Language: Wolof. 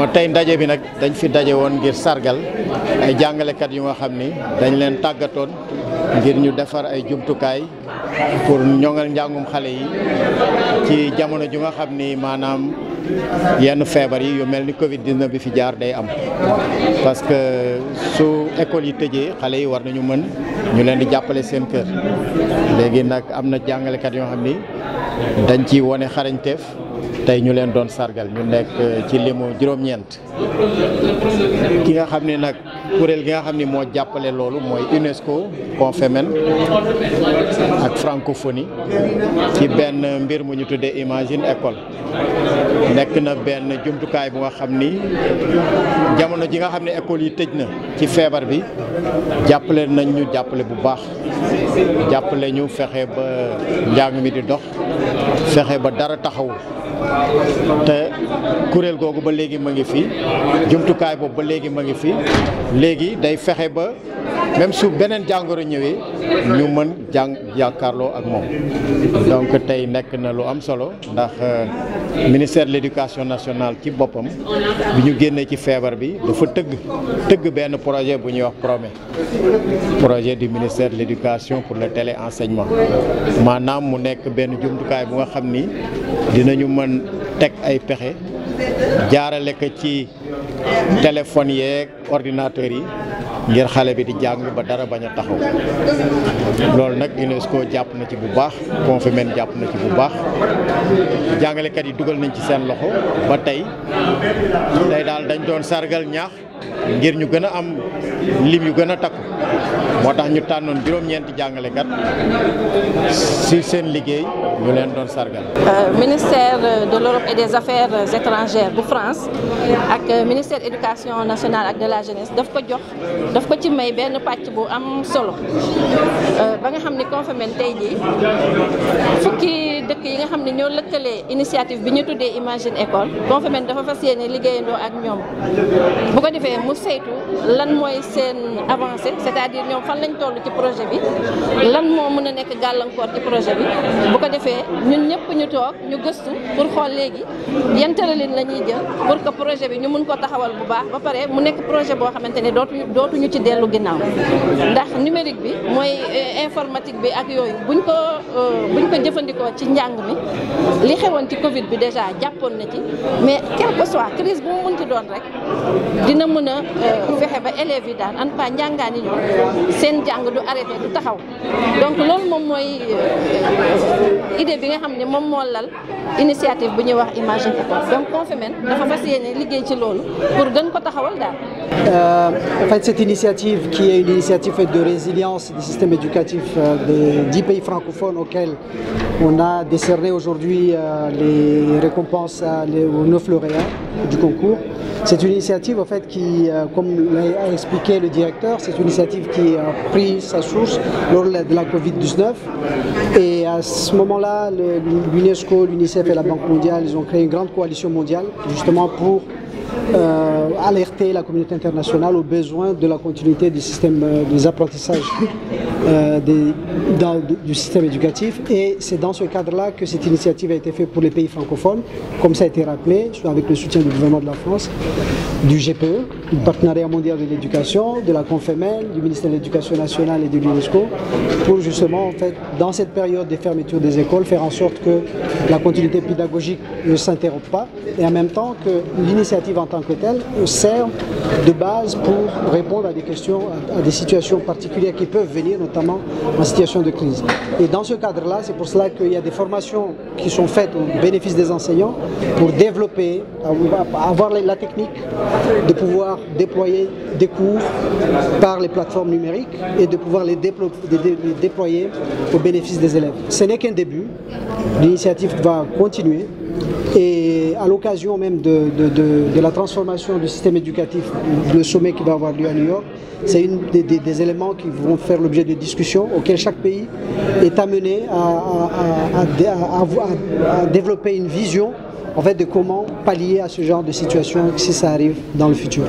moo tey ndaje bi nag dañ fi daje woon ngir sargal ay jàngalekat yu nga xam ni dañ leen tàggatoon ngir ñu defar ay jumtukaay pour ñoŋal njàngum xale yi ci jamono ju nga xam ni maanaam yenn feebar yi yu mel ni Covid 19 bi fi jaar day am parce que su école yi tëjee xale yi war nañu mën ñu leen di jàppale seen kër léegi nag am na jàngalekat yoo xam ni dañ ci wane xarañteef. tey ñu leen doon sargal ñu nekk eh, ci limu juróom-ñeent ki nga xam ne nag kuréel gi nga xam ni moo jàppale loolu mooy UNESCO Confemen ak francophonie ci benn mbir mu ñu tuddee Imagine École nekk na benn jumtukaay bu nga xam ni jamono ji nga xam ne école yi tëj na ci feebar bi jàppale nañ ñu jàppale bu baax jàppale ñu fexe ba njàng mi di dox fexe ba dara taxaw té kuréel gogou ba légui ma ngi fi kay bob ba légui ma ngi fi légui day fexe ba même su benen jangoro ñëwé ñu mën jàng jàkkaarloo ak mom donc tay nekk na lu am solo ndax euh, ministère de l'éducation nationale ci bopam biñu génné ci feebar bi dafa tëgg tëgg benn projet bu ñu wax PROMET projet du ministère de l'éducation pour le téléenseignement manam mu nekk benn kay bu nga xam ni dinañu mën teg ay pexe jaarale ko ci téléphone yee ordinateur yi ngir xale bi di jàng ba dara bañ a taxaw loolu nag UNESCO jàpp na ci bu baax Confemen jàpp na ci bu baax jàngalekat yi dugal nañ ci seen loxo ba tey tey daal dañ doon sargal ñaax ngir ñu gën a am lim yu gën a takku moo tax ñu tànnoon juróom-ñeenti jàngalekat si seen liggéey ñu leen doon sargal. Euh, ministère de l'Europe et des affaires étrangères bu France ak ministère éducation nationale ak de la jeunesse daf ko jox daf ko ci may benn pàcc bu am solo euh, ba nga xam ni Confamène tey jii fukki dëkk yi nga xam ne ñoo lëkkalee initiative bi ñu tuddee Imagine École Confamène dafa fas yéene liggéeyandoo ak ñoom bu ko defee defee mu saytu lan mooy seen avancée c'est-à-dire ñoom fan lañ toll ci projet bi lan moo mun a nekk gàllankoor ci projet bi bu ko defee ñun ñëpp ñu toog ñu gëstu pour xool léegi yan tëralin la ñuy jël pour que projet bi ñu mun ko taxawal bu baax ba pare mu nekk projet boo xamante ne dootuñu dootuñu ci dellu ginnaaw ndax numérique bi mooy euh, informatique bi ak yooyu euh, buñ ko jëfandikoo ci njàng mi li xewoon ci Covid bi déjà jàppoon na ci mais quel que soit crise bu mu munti doon rek donc donc euh, fait cette initiative qui est une initiative de résilience du système éducatif euh, des dix pays francophones auxquels on a décerné aujourd'hui euh, les récompenses aux neuf lauréats du concours c'est une initiative en fait qui euh, comme l'a expliqué le directeur, c'est une initiative qui a pris sa source lors de la Covid-19. Et à ce moment-là, l'UNESCO, l'UNICEF et la Banque mondiale, ils ont créé une grande coalition mondiale justement pour euh, alerter la communauté internationale aux besoins de la continuité du système euh, des apprentissages euh, du système éducatif. Et c'est dans ce cadre-là que cette initiative a été faite pour les pays francophones, comme ça a été rappelé, avec le soutien du gouvernement de la France, du GPE, du Partenariat mondial de l'éducation, de la Confemel du ministère de l'Éducation nationale et de l'UNESCO, pour justement, en fait, dans cette période des fermetures des écoles, faire en sorte que la continuité pédagogique ne s'interrompe pas et en même temps que l'initiative en tant que tel, sert de base pour répondre à des questions, à des situations particulières qui peuvent venir, notamment en situation de crise. Et dans ce cadre-là, c'est pour cela qu'il y a des formations qui sont faites au bénéfice des enseignants pour développer, avoir la technique de pouvoir déployer des cours par les plateformes numériques et de pouvoir les déployer au bénéfice des élèves. Ce n'est qu'un début, l'initiative va continuer. Et à l'occasion même de, de, de, la transformation du système éducatif, le sommet qui va avoir lieu à New York, c'est un des, éléments qui vont faire l'objet de discussions auxquelles chaque pays est amené à, à, à développer une vision en fait, de comment pallier à ce genre de situation si ça arrive dans le futur.